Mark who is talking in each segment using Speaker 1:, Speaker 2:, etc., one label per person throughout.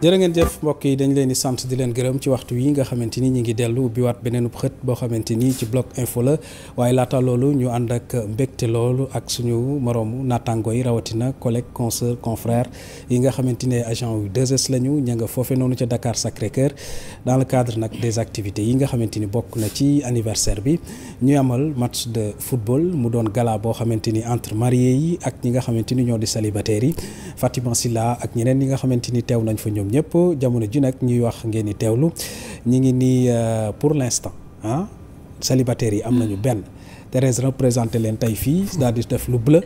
Speaker 1: jërë ngeen jëf mbokk yi dañ leen di sant di leen gërëm ci waxtu yi nga xamante ni ñu ngi dellu ubbiwaat beneen xët boo xamante ni ci bloc info la waaye laata loolu ñu ànd ak mbégte loolu ak suñu moroomu naataango yi rawatina collègue consoeur confrère yi nga xamante ne agent yu 2S lañu ña nga foofe noonu ca Dakar Sacré-Cœur dans le cadre nag des activités yi nga xamante ni bokk na ci anniversaire bi ñu amal match de football mu doon gala boo xamante ni entre mariés yi ak ñi nga xamante ni ñoo di célibataires yi Fatima Silla ak ñeneen ñi nga xamante ni teew nañ fa ñoom ñoom jamono ji nag ñuy wax ngeen di teewlu ñi ngi nii euh, pour l'instant ah célibataires yi am nañu mm. benn Thérèse représenté leen tey fii daal di def lu bleu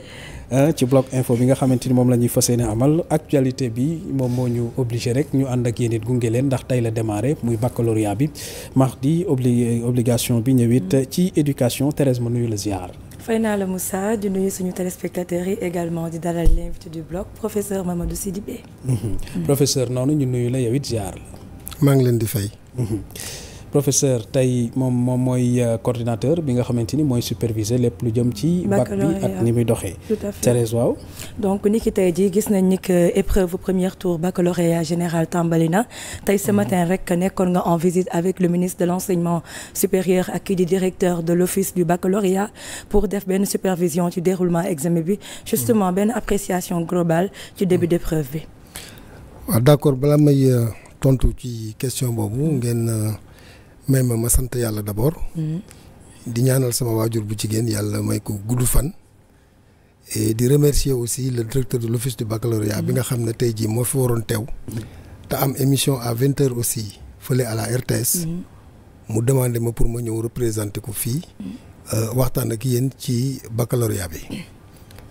Speaker 1: euh, ci bloc info bi nga xamante ni moom la ñuy fas yéene amal actualité bi moom moo ñu obligé rek ñu ànd ak yéen it gunge leen ndax tey la démarré muy baccalauréat bi mardi obligation bi ñëwit ci éducation Thérèse ma nuyu la ziar.
Speaker 2: fay naa la Moussa di nuyu suñu téléspectateurs yi également di dalal l'invité du bloc professeur Mamadou Sidibé.
Speaker 1: professeur noonu ñu nuyu la yow it la. maa ngi leen di fay. professeur tey moom moom mooy euh, coordinateur bi nga xamante ni mooy superviser lépp lu jëm ci bac bi ak ni muy doxee Thérèse waaw
Speaker 2: donc ni ki tey jii gis nañ ni que épreuve première tour baccalauréat général tàmbali na tey ce mhm. matin rek nekkoon nga en visite avec le ministre de l'enseignement supérieur ak kii di directeur de l'office du baccalauréat pour def benn supervision ci déroulement examen bi justement mhm. benn appréciation globale ci début mhm. d'épreuve bi
Speaker 3: waaw d'accord balaa euh, tontu ci question boobu ngeen euh, may ma ma sant yàlla d'abord. Mm-hmm. di ñaanal sama waajur bu jigéen yàlla may ko gudd fan. et di remercier aussi le directeur de l'office de baccalauréat bi mm-hmm. nga xam ne tey jii moo fi waroon teew. Mm-hmm. te am émission à vingt heures aussi fële à la RTS. mu demandé ma pour ma ñëw représenter ko fii. Euh, waxtaan ak yéen ci baccalauréat bi.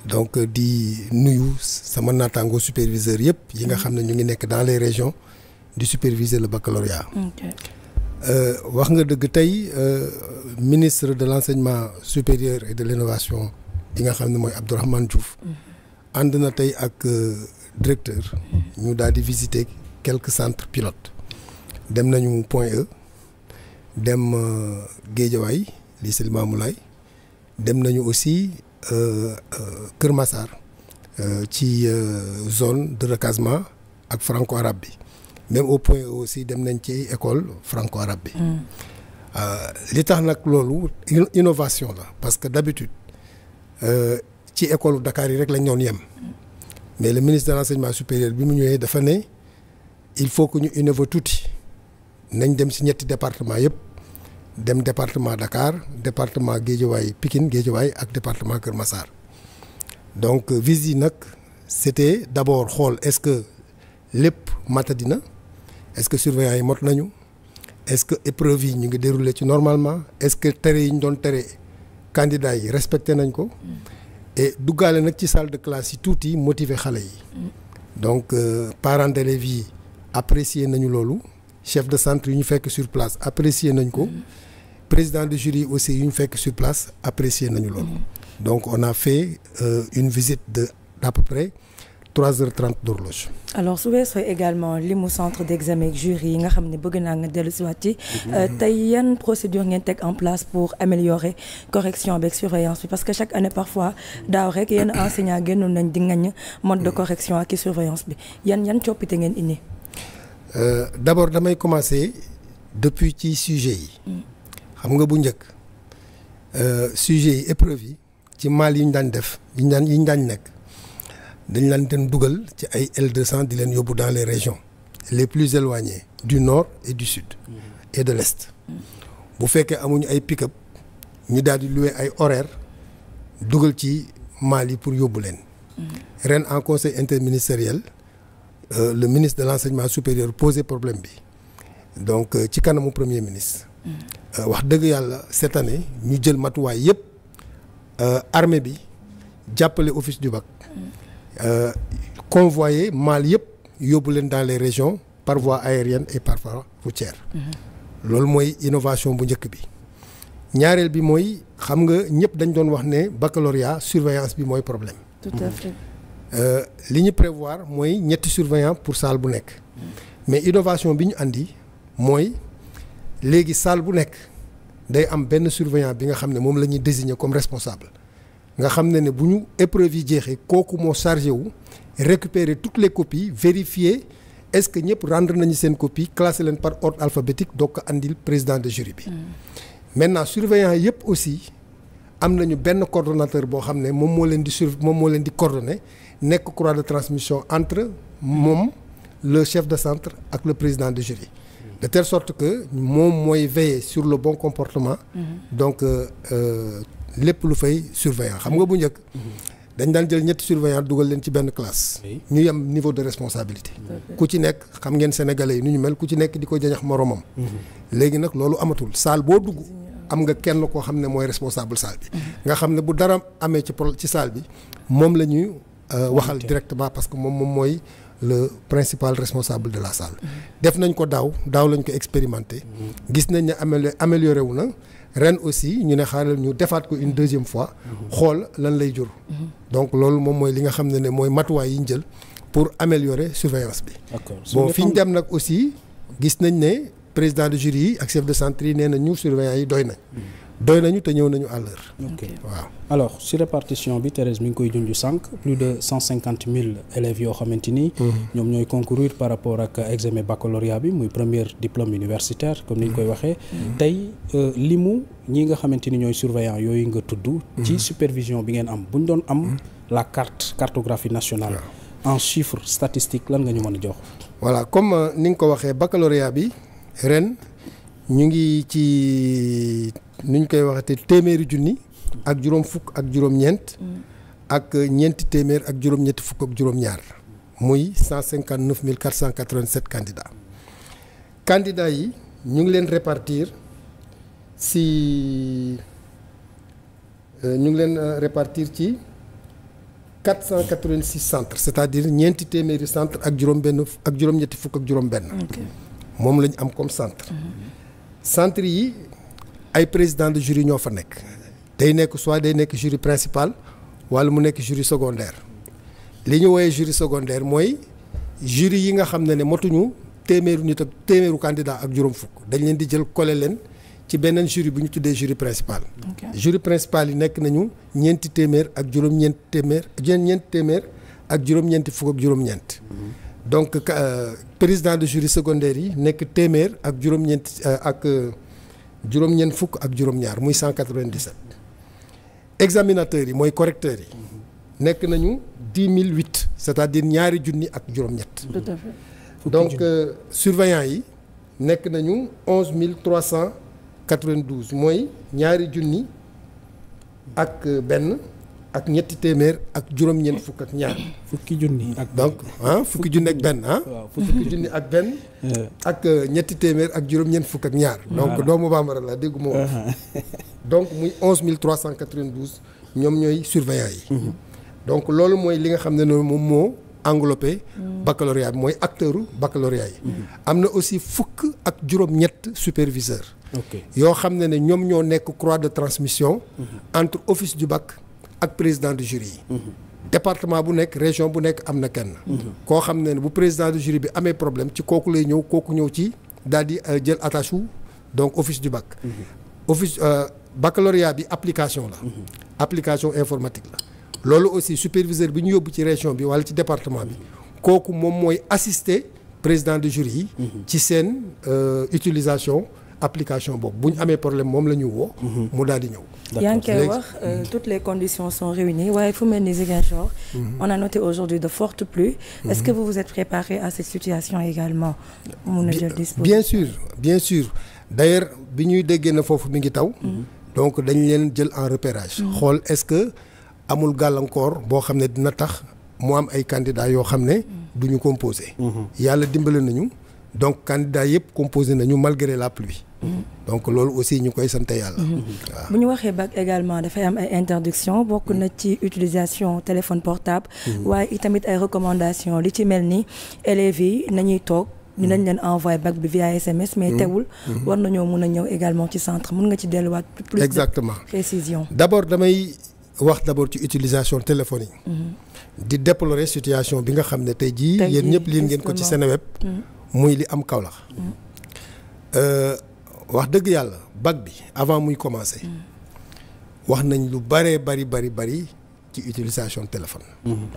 Speaker 3: donc euh, di nuyu sama naataango superviseur yëpp yi nga xam ne ñu ngi nekk dans les régions di superviser le baccalauréat. Euh, wax nga dëgg tey euh, ministre de l'enseignement supérieur et de l'innovation bi nga xam ne mooy Abdourahmane Diouf
Speaker 4: mm-hmm.
Speaker 3: ànd na tey ak euh, directeur mm-hmm. ñu daal di visiter quelque centre pilotes dem nañu Point E dem Guédiawaye lycée Limamoulaye dem nañu aussi Kër Massar ci zone de recasement ak franco-arabe bi même au point aussi dem nañ ci école franco-arabe bi. Mm. Euh, li tax nag loolu innovation la parce que d'habitude euh, ci école Dakar yi rek lañ doon yem. mais le ministre de l'enseignement supérieur bi mu ñëwee dafa ne il faut que ñu innover tuuti nañ dem ci ñetti département yépp dem département Dakar département Guédiawaye Pikine Guédiawaye ak département Kër Massar donc euh, visite yi nag c'était d'abord xool est-ce que lépp matadi na est-ce que surveillants yi mot nañu est-ce que épreuve yi ñu ngi déroulé ci normalement est-ce que tere yi ñu doon tere candidats yi respecté nañ ko mm. et duggaale nag ci salle de classe yi tuuti motiver xale yi
Speaker 4: mm.
Speaker 3: donc euh, parents d'élèves yi apprécier nañu loolu chef de centre yu ñu fekk sur place apprécier nañ ko mm. président de jury aussi yu ñu fekk sur place apprécier nañu loolu donc on a fait euh, une visite de d'à peu près 3 heures 30 d'horloge
Speaker 2: alors su weesoo également li mu centre d'examen ak jury yi nga xam ni bëgg naa nga dellu si waat ci euh, tey yan procédure ngeen teg en place pour améliorer correction beeg surveillance bi parce que chaque année parfois daaw rek yenn enseignant génnoon nañ di ngañ mode de mm. correction ak i surveillance bi yan yan coppite ngeen indi
Speaker 4: euh,
Speaker 3: d'abord damay commencer depuis ci sujet yi mm. xam nga bu njëkk euh, sujet yi épreuve yi ci mal yi ñu daan def yi ñu daan yi ñu nekk dañu laan dem dugal ci ay L200 di leen yóbbu dans les régions les plus éloignées du nord et du sud mm-hmm. et de l'est bu fekkee amuñu ay pick-up ñu daal di louer ay horaires dugal ci maal yi pour yóbbu leen
Speaker 4: mm-hmm.
Speaker 3: ren en conseil interministériel euh, le ministre de l'enseignement supérieur posé problème bi donc euh, ci kanamu premier ministre mm-hmm. euh, wax dëgg yàlla cette année ñu jël matuwaay yépp euh, armée bi jàppale office du bac Euh, convoyer maal yëpp yóbbu leen dans les régions par voie aérienne et par routière mm-hmm. loolu mooy innovation bu njëkk bi ñaareel bi mooy xam nga ñëpp dañ doon wax ne baccalauréat surveillance bi mooy problème tout mm-hmm. euh, li ñu prévoir mooy ñetti surveillant pour salle bu nekk mm-hmm. mais innovation bi ñu indi mooy léegi salle bu nekk day am benn surveillant bi nga xam ne moom la ñuy désigner comme responsable nga xam ne ne bu ñu épreuve yi jeexee kooku moo chargé wu récupérer toutes les copies vérifier est-ce que ñëpp rendre nañu seen copie classé leen par ordre alphabétique doog ko andil président de jury bi. Mmh. maintenant surveillant yëpp aussi am nañu benn coordonateur boo xam ne moom moo leen di sur moom moo leen di coordonné nekk croix de transmission entre moom le chef de centre ak le président de jury. de telle sorte que moom mooy veiller sur le bon comportement mhm. donc euh, euh, lépp lu fay surveillant xam nga bu njëkk dañ daan jël ñetti surveillant dugal leen ci benn classe ñu yem niveau de responsabilité ku ci nekk xam ngeen sénégalais yi nu ñu mel ku ci nekk di ko jañax moroomam mhm. léegi nag loolu amatul saal boo dugg am nga kenn koo xam ne mooy responsable saal bi mhm. nga xam ne bu dara amee ci ci saal bi moom la ñuy euh, waxal directement parce que moom moom mooy le principal responsable de la salle. def nañ ko daaw daaw lañ ko expérimenté. gis nañ ne amélio amélioré wu na ren aussi ñu ne xaaral ñu defaat ko une deuxième fois. xool lan lay jur. donc loolu moom mooy li nga xam ne ne mooy matuwaay yi ñu jël pour améliorer surveillance bi. bon fi ñu dem nag aussi gis nañ ne président de jury yi ak chef de centre yi nee na ñu surveillants yi doy nañ. doy
Speaker 1: nañu te ñëw nañu à l'heure.
Speaker 4: ok waaw
Speaker 1: alors si répartition bi Thérèse mi ngi koy junj sànq plus de cent cinquante mille élèves yoo xamante ni. Mhm. ñoom ñooy concourir par rapport ak examen baccalauréat bi muy premier diplôme universitaire comme ni ñu koy waxee. Mhm. tey euh, limu ñi nga xamante ni ñooy surveillant yooyu nga tudd. ci mhm. supervision bi ngeen am bu ñu doon am. la carte cartographie nationale. en chiffre statistique lan nga ñu mën a jox. voilà comme euh, ni nga ko waxee
Speaker 3: baccalauréat bi ren ñu ngi ci. ñu koy waxatee téeméeri junni ak juróom fukk ak juróom-ñeent. Mm. ak ñeenti téeméer ak juróom-ñetti fukk ak juróom-ñaar. muy cent cinquante neuf mille quatre cent quatre vingt sept candidats. yi ñu ngi leen répartir si euh, ñu ngi leen euh, répartir ci quatre cent quatre vingt six centres c'est-à-dire ñeenti téeméeri centre ak juróom-benn ak juróom fukk ak juróom-benn. moom la am comme centre. Mm-hmm. centre yi. ay président de jury ñoo fa nekk day nekk soit day nekk jury principal wala mu nekk jury secondaire li ñu woowee jury secondaire mooy jury yi nga xam ne ne matuñu téeméeru nit ak téeméeru candidat ak juróom fukk dañ leen di jël collé leen ci beneen jury bu ñu tuddee jury principal. jury principal yi nekk nañu ñeenti téeméer ak juróom-ñeenti téeméer ñeenti téeméer ak juróom fukk ak juróom-ñeent. Mhm. donc euh, président de jury secondaire yi nekk téeméer ak juróom-ñeenti euh, ak. Euh, juróom-ñeent fukk ak juróom-ñaar muy 197 examinateurs yi mooy correcteurs yi nekk nañu 10 008 c'est-à-dire ñaari junni ak juróom-ñett. tout donc euh, yi nekk nañu 11 392 mooy ñaari junni ak euh, benn. ak ñetti téeméer ak juróom-ñeent fukk ak ñaar. fukki junni ak donc ah fukki junni ak benn ah. fukki ak benn. Eh. ak euh, ñetti téeméer ak juróom fukk ak ñaar. donc doomu bambara la dégguma woon. Uh-huh. donc muy onze mille trois cent quatre-vingt-douze ñoom ñooy surveillant yi. Mm-hmm. donc loolu mooy li nga xam ne noonu moom moo englobé. Mm. baccalauréat bi mooy acteur baccalauréat yi. Mm-hmm. am na aussi fukk ak juróom-ñett superviseur. yoo xam ne ne ñoom ñoo nekk croix de transmission. Mm-hmm. entre office du bac. ak président de jury yi. département bu nekk région bu nekk am na kenn. koo xam ne bu président de jury bi amee problème ci kooku lay ñëw kooku ñëw ci daal di euh, jël attache donc office du bac. office euh, baccalauréat bi application la. application informatique la. loolu aussi superviseur bi ñu yóbbu ci région bi walla ci département bi kooku moom mooy assister président de jury yi. ci seen euh, utilisation. application boobu bu ñu amee problème moom la woo. Mhm. mu daal ñëw. yaa ngi koy wax euh,
Speaker 2: toutes les conditions sont réunies waaye fu mel ni Ziguinchor. Mhm. on a noté aujourd'hui de fortes pluies. est-ce mhm. que vous vous êtes préparé à cette situation également. bien
Speaker 3: sûr bien sûr d'ailleurs bi ñuy déggee na foofu mi ngi taw. donc dañ leen jël en repérage. xool est-ce que amul gàllankoor boo xam ne dina tax mu am ay candidats yoo xam ne. du ñu composé. yàlla dimbale nañu donc candidats yëpp composé la pluie. donc loolu aussi ñu koy sant yàlla. Mhm. waaw bu
Speaker 2: ñu waxee bac également dafay am ay interdiction bokk na ci utilisation téléphone portable. Mhm. waaye itamit ay recommandations li ci mel ni élèves yi nañuy toog. ñu dañ mhm. leen envoyé bac bi via SMS. mais teewul. war nañoo mun a ñëw également ci centre mun nga ci delluwaat. exactement précision.
Speaker 3: d' abord damay wax d' abord ci utilisation téléphone yi. di déplorer situation bi nga xam ne tey jii. yéen ñëpp liin ngeen ko ci Seneweb. muy wax dëgg yàlla bac bi avant muy commencer. Mm. wax nañ lu bëree bari bari bari ci utilisation téléphone. Mm-hmm.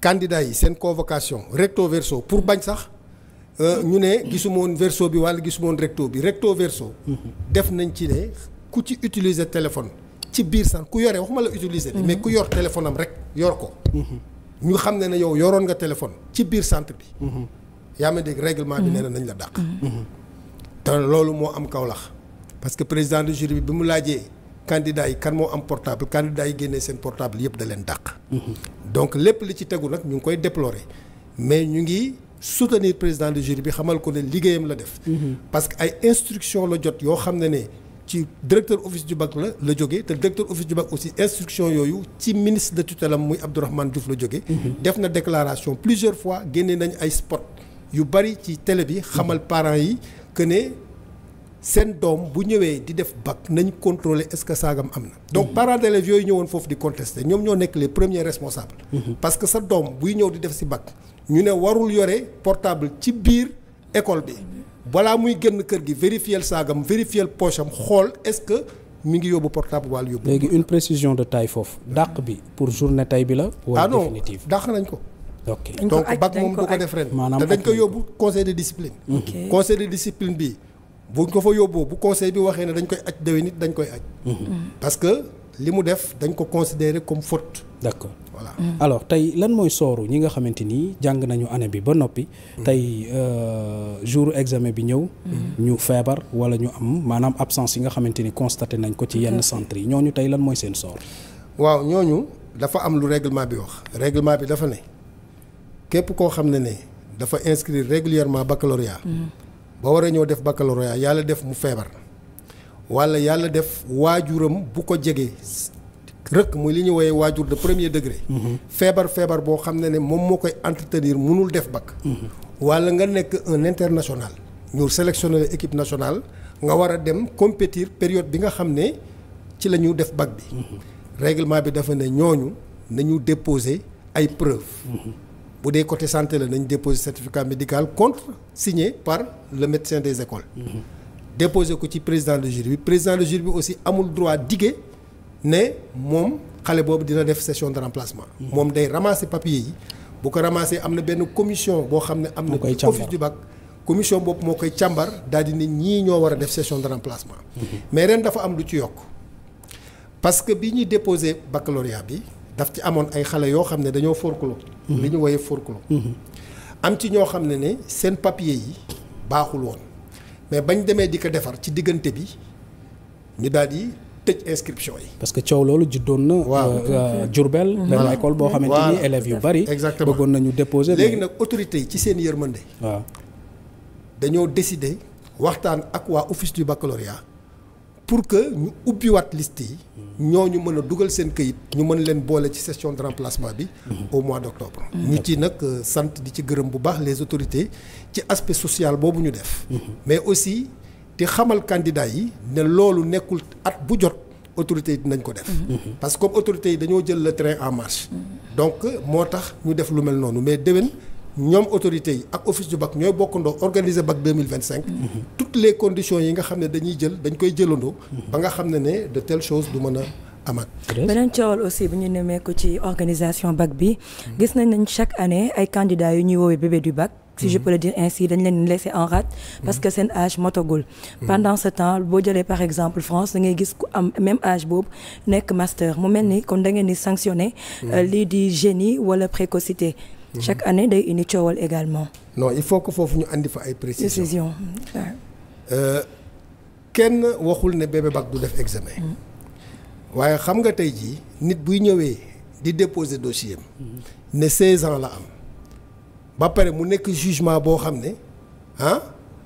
Speaker 3: candidats yi seen convocation recto verso pour bañ sax euh, ñu ne gisuma woon verso bi walla gisuma woon recto bi recto verso. Mm-hmm. def nañ ci ne ku ci utiliser téléphone ci biir sax ku yore waxuma la utiliser. Mm-hmm. mais ku yor téléphone am rek yor ko. ñu xam ne ne yow yoroon nga téléphone ci biir sant bi. yaa ma dégg règlement bi nee nañ la dàq. te loolu moo am Kaolack parce que président de jury bi bi mu laajee candidat yi kan moo am portable candidat yi génnee seen portable yëpp da leen dàq. Mhm. donc lépp li ci tegu nag ñu ngi koy déplorer mais ñu ngi soutenir président de jury bi xamal ko ne liggéeyam la def. Mhm. parce que ay instructions la jot yoo xam ne ne ci directeur office du BAC la la jóge te directeur office du aussi instruction yooyu ci ministre de tutelle am muy Abdourahmane Diouf la jógee. Mhm. def na déclaration plusieurs fois génne nañ ay spot yu bari ci télé bi xamal parents yi. que ne seen doom bu ñëwee di def bac nañu contrôler est-ce que saagam am na. donc mhm. parents yooyu ñëwoon foofu di contester ñoom ñoo nekk les premiers responsables. Mhm. parce que sa doom buy ñëw di def si bac. ñu ne warul yore portable ci biir école bi balaa muy génn kër gi vérifiel saagam vérifier poche am xool est-ce que. mu ngi yóbbu portable wàll yóbbu. léegi une
Speaker 1: précision de taille foofu dàq bi pour journée tey bi la. wala ah
Speaker 3: définitive dàq nañ ko.
Speaker 1: donc bac moom du ko def ren te dañ ko yóbbu
Speaker 3: conseil de discipline mm-hmm. conseil de discipline ko fa yóbboo bu conseil bi waxee ne dañ koy aj déwén nit
Speaker 1: dañ koy aj mm-hmm. parce que li mu def dañ ko considérer comme faute d'accord voilà mm-hmm. alors tey lan mooy sooru ñi nga xamante ni jàng nañu année bi ba noppi tey euh, jour examen bi ñëw ñu feebar wala ñu am maanaam absence yi nga xamante ni constaté nañ ko ci yenn centres yi ñooñu tey lan mooy seen soor
Speaker 3: waaw ñooñu dafa am lu règlement bi wax règlement bi dafa ne képp koo xam ne ne dafa inscrire régulièrement baccalauréat ba war a ñëw def baccalauréat yàlla def mu feebar wala yàlla def waajuram bu ko jege rëkk muy li ñu woowee waajur de premier degré mhm. feebar feebar boo xam ne ne moom moo koy entretenir mënul def bac mhm. wala nga nekk un international ñu sélectionné équipe nationale nga war dem compétir période bi nga xam ne ci lañu ñu def bac bi mhm. règlement bi dafa ne ñooñu nañu déposer ay preuves bu dee côté santé la nañ déposé certificat médical contre signé par le médecin des écoles. déposé ko ci président de jury bi président de jury bi aussi amul droit dige ne moom xale boobu dina def session de remplacement. moom day ramasser papier yi bu ko ramasser am na benn commission boo xam ne. am na office du bac commission boobu moo koy càmbar daal di nit ñii ñoo war def session de remplacement. mais ren dafa am lu ci yokk parce que bi ñuy déposer baccalauréat bi. daf ci amoon ay xale yoo xam ne dañoo forclos. Mhm. li ñu woyee forclos. Mhm. am ci ñoo xam ne ne seen papier yi baaxul woon mais bañ demee di ko defar ci diggante bi ñu daal di tëj inscription yi.
Speaker 1: parce que coow loolu juddoon na. waaw euh, euh, Diourbel. Mhm. benn école boo xamante ni élèves yu bari. exactement bëggoon nañu déposer. léegi nag
Speaker 3: autorités yi ci seen yërmande. waaw dañoo décider waxtaan ak waa office du baccalauréat pour que ñu ubbiwaat liste yi. ñooñu mën a dugal seen këyit. ñu mën leen boole ci session de remplacement bi. au mois d' octobre. ñu mm-hmm. ci nag euh, sant di ci gërëm bu baax les autorités ci aspect social boobu ñu def. Mm-hmm. mais aussi di xamal candidat yi ne loolu nekkul at bu jot autorités yi dinañ ko def. Mm-hmm. parce que autorités yi dañoo jël le train en marche. donc moo tax ñu def lu mel noonu mais déwén. ñoom autorités yi ak office du BAC ñooy bokkandoo organiser BAC 2025 toutes les conditions yi nga xam ne dañuy jël dañ koy jëlandoo ba nga xam ne ne de telles choses du mën a amaat
Speaker 2: beneen aussi bu ñu nemee ko ci organisation BAC bi gis nañ nañ chaque année ay candidats yu ñuy woowee bébé du BAC si je peux le dire ainsi dañ leen laisser en rade parce que seen âge motagul pendant ce temps boo jëlee par exemple France da ngay gis ku am même âge boobu nekk master mu mel ni kon da ngeen di sanctionné hmm. euh, lii di génie wala précocité Mhm. chaque année day indi coowal également.
Speaker 3: non il faut que foofu ñu andi fa ay précisions euh, kenn waxul ne bébé bac du def examen. Mm. waaye xam nga tey jii nit buy ñëwee di déposé dossier am mm. ne 16 ans la am ba pare mu nekk jugement boo xam ne ah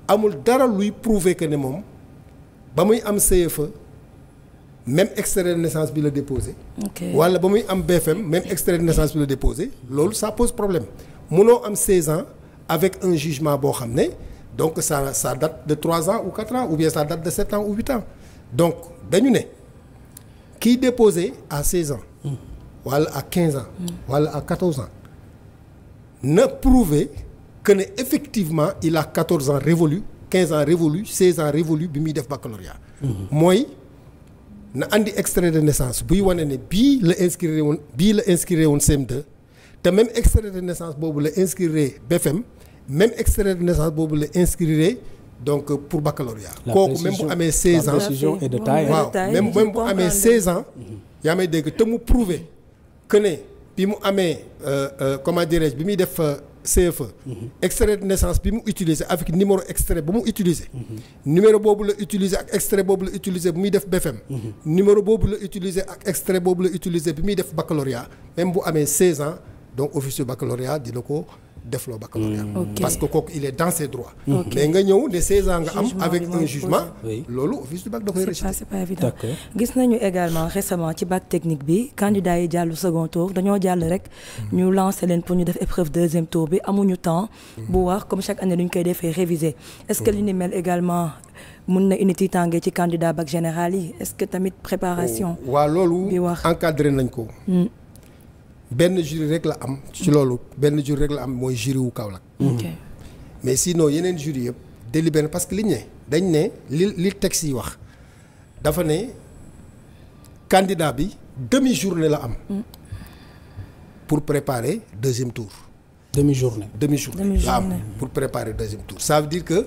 Speaker 3: amul dara luy prouver que ne moom ba muy am fa même extrait de naissance bi la déposé. wala ba muy am BFM même extrait de naissance bi la déposé loolu ça pose problème munoo am 16 ans avec un jugement boo xam ne donc ça ça date de 3 ans ou 4 ans ou bien ça date de 7 ans ou 8 ans donc dañu ne kiy déposé à 16 ans. wala à quinze ans. wala à 14 ans na prouver que ne effectivement il a 14 ans révolu 15 ans révolu 16 ans bi muy def baccalauréat mhm. mooy. na andi extrait de naissance buy wane ne bii la inscrire woon bii la inscrire woon CM2 te même extrait de naissance boobu la inscrire BFM même extrait de naissance boobu la inscrire donc pour baccalauréat kooku même bu amee 16 ans waaw même même bu amee 16 ans mhm. yaa may dégg te mu prouver que ne bi mu amee comment dirais-je bi muy def euh, CFE. Mhm. extrait de naissance bi mu utiliser avec numéro extrait ba mu utiliser. numéro boobu la utiliser ak extrait boobu la utiliser bi muy def BFM. Mhm. numéro boobu la utiliser ak extrait boobu la utiliser bi muy def baccalauréat même bu amee 16 ans donc officier baccalauréat la ko. defloo baccalauréat hmm. parce que kooku il est dans ses mais nga ñëw ne 16 ans nga am avec un jugement loolu office du bac da koy rejeté c'est pas évident
Speaker 2: gis nañu également récemment ci bac technique bi candidat yi jàllu second tour dañoo jàll rek hmm. ñu lancé leen pour ñu def épreuve deuxième tour bi amuñu temps hmm. bu wax comme chaque année ñu koy defee réviser est-ce que li ni mel également mën na unité tàngee ci candidat bac général yi est-ce que tamit préparation
Speaker 3: oh, waa loolu encadré nañ ko benn jury rek la am ci loolu benn jury rek la am mooy jury wu Kaolack mais sinon yeneen jury yëpp délibéré parce que li ne dañ ne li li texte yi wax dafa ne candidat bi demi journée la am mm. pour préparer deuxième tour demi journée demi la am ah, pour préparer deuxième tour ça veut dire que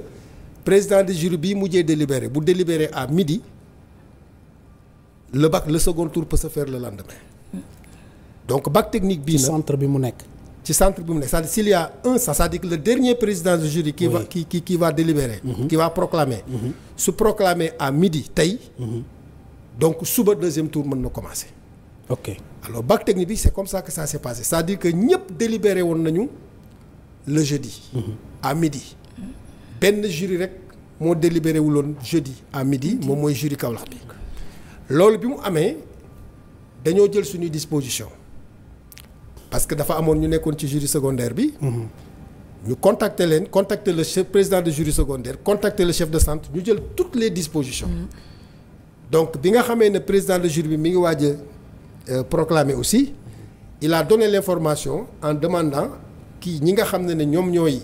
Speaker 3: président de jury bii mujjee délibéré bu délibéré à midi le bac le second tour peut se faire le lendemain donc bac technique bii nag bi mu nekk. ci centre bi mu nekk c'est-à-dire a un ça c'est-à-dire que le dernier président du jury. qui oui. va qui qui qui va mhm. proclamer. Mhm. su proclamer à midi tey. Mhm. donc suba deuxième tour mën na commencer. ok alors bac technique bi c'est comme ça que ça s'est passé c'est-à-dire que ñëpp délibéré woon nañu le jeudi. à midi. benn jury rek moo délibéré wuloon jeudi à midi moom mooy jury Kaolack bi. loolu bi mu amee dañoo jël suñuy disposition parce que dafa amoon ñu nekkoon ci jury secondaire bi. ñu contacter leen contacter le chef président de jury secondaire contacter le chef de ñu jël toutes les dispositions. Mm-hmm. donc bi nga xamee ne président de jury bi mu ngi waaj a euh, proclamer aussi il a donné l'information en demandant kii ñi nga xam ne ne ñoom ñooy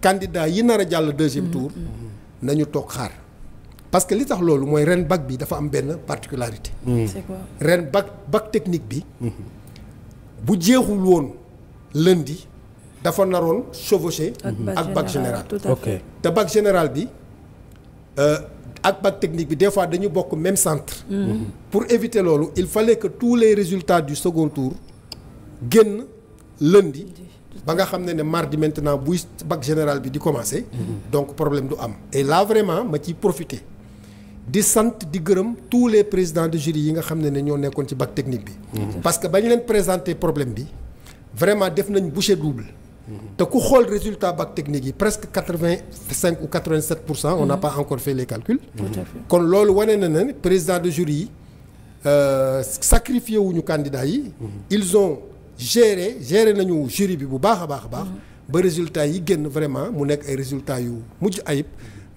Speaker 3: candidats yi nar a jàll deuxième tour. Mm-hmm. nañu toog xaar parce que li tax loolu mooy ren bac bi dafa am benn particularité. c'est quoi ren bac bac technique bi. Mm-hmm. bu jeexul woon lundi dafa naroon chevauché ak bac général te bac général bi euh, ak bac technique bi des fois dañu bokk même centre mm-hmm. Mm-hmm. pour éviter loolu il fallait que tous les résultats du second tour génn lundi ba nga xam ne ne mardi maintenant buy bac général bi di commencer mm-hmm. donc problème du am et la vraiment ma ciy profiter di sant di gërëm tous les présidents de jury yi nga xam ne ne ñoo nekkoon ci bac technique bi. Mm-hmm. parce que bañ leen présenter problème bi vraiment def nañ bouchée double.
Speaker 4: Mm-hmm.
Speaker 3: te ku xool résultat bac technique yi presque quatre vingt cinq ou quatre vingt sept pour cent. on n'a mm-hmm. pas encore fait les calculs. kon loolu wane na ne président de jury yi euh, sacrifié wuñu candidats yi. ils ont géré géré nañu jury bi bu baax a baax a baax. ba résultat yi génn vraiment mu nekk ay résultats yu mujj ayib.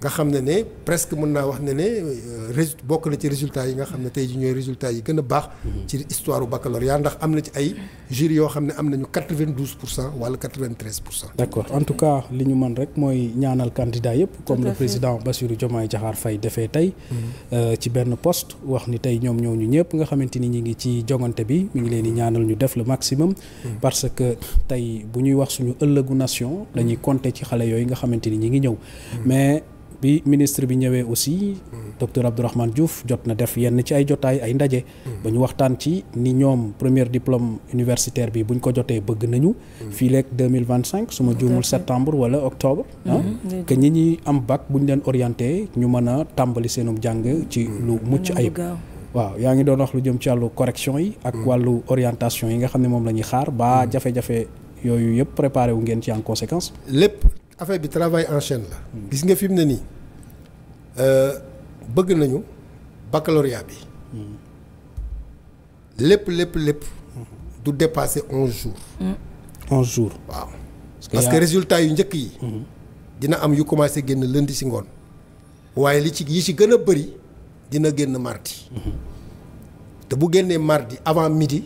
Speaker 3: nga xam ne ne presque mën naa wax ne ne euh, résultat bokk na ci résultat yi nga xam ne tey jii ñooy résultat yi gën a baax. ci histoire u baccalauréat ndax am na ci ay jury yoo xam ne
Speaker 1: am nañu 92 pour cent wala 93 pour cent. d' accord en tout cas li ñu man rek mooy ñaanal candidat yëpp. comme le président Bassirou Diomaye Diakhar Faye defee tey. Mm-hmm. Euh, ci benn poste wax ni tey ñoom ñooñu ñëpp nga xamante ni ñu ngi ci jongante bi mi ngi leen di ñaanal ñu def le maximum. Mm-hmm. parce que tey bu ñuy wax suñu ëllëgu nation. dañuy compter ci xale yooyu nga xamante ni ñi ngi ñëw. Mm-hmm. bi ministre bi ñëwee aussi docteur Abdourahmane Diouf jot na def yenn ci ay jotaay ay ndaje. Hmm. ba ñu waxtaan ci ni ñoom premier diplôme universitaire bi buñ ko jotee bëgg nañu. Hmm. fii lekk deux mille vingt cinq su ma juumul wala octobre. Ah. Hmm. que ñi ñi am bac buñ leen orienté ñu mën a tàmbali seenu jàng ci lu mucc ayib. waaw yaa ngi doon wax lu jëm ci wàllu correction yi. ak wàllu orientation yi nga xam ne moom la ñuy xaar. baa jafe-jafe yooyu yëpp préparé wu ngeen ci en conséquence. lépp affaire bi travail en chaîne la. gis nga fi mu ne nii euh, bëgg nañu baccalauréat
Speaker 3: bi. lépp lépp lépp du dépasser onze jours.
Speaker 1: Mm. onze jours
Speaker 3: waaw. parce résultat yu njëkk yi. Mm-hmm. dina am yu commencé génn lundi ci ngoon. waaye li ci yi ci gën a bëri dina génn mardi.
Speaker 4: Mm-hmm.
Speaker 3: te bu génnee mardi avant midi.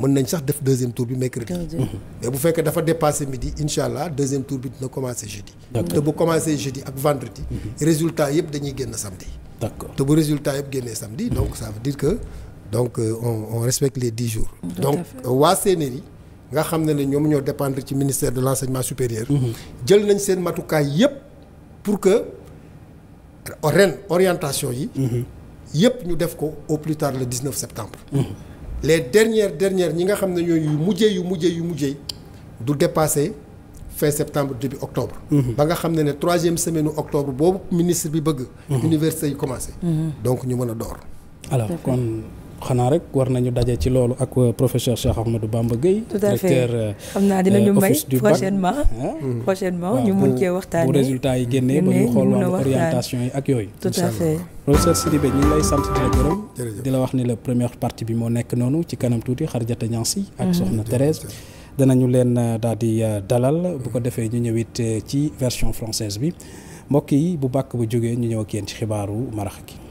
Speaker 3: mën nañ sax def deuxième tour bi mercredi. Mhm. mais bu fekkee dafa dépassé midi incha allah deuxième tour bi dina commencé jeudi. te bu commencé jeudi ak vendredi. Mhm. résultat yëpp dañuy génn samedi. d'accord te bu résultat yëpp génnee samedi donc ça veut dire que donc euh, on on respecte les dix jours. donc euh, waa CNRI nga xam ne ne ñoom ñoo dépendre ci ministère de l'enseignement supérieur. Mhm. jël nañ seen matukaay yëpp pour que ren orientation yi. yëpp ñu def ko au plus tard le 19 septembre. les dernières dernières ñi nga xam ne ñooñu yu mujjee yu mujjee yu mujjee du dépasser fin septembre début octobre. Mhm. ba nga xam ne ne
Speaker 1: troisième semaine octobre boobu ministre bi bëgg. Mhm. université yi commencé. Mhm. donc ñu mën a door. xanaa rek war nañu daje ci loolu ak euh, professeur Cheikh Ahmadou Bamba Gueye. tout à fait euh, xam naa dinañu euh, may prochainement hmm. prochainement ñu mun cee waxtaanee bu résultat yi génnee ba ñu xool wàllu orientation yi ak yooyu. tout à fait professeur Sidibé ñu wax ni la première partie bi moo nekk noonu ci kanam tuuti Xarjata Ñansi ak hmm. soxna Thérèse. danañu leen daal di dalal bu ko defee ñu ñëwit ci version française bi mbokk yi bu bàkk bu jógee ñu ñëw ak ci xibaaru marax gi.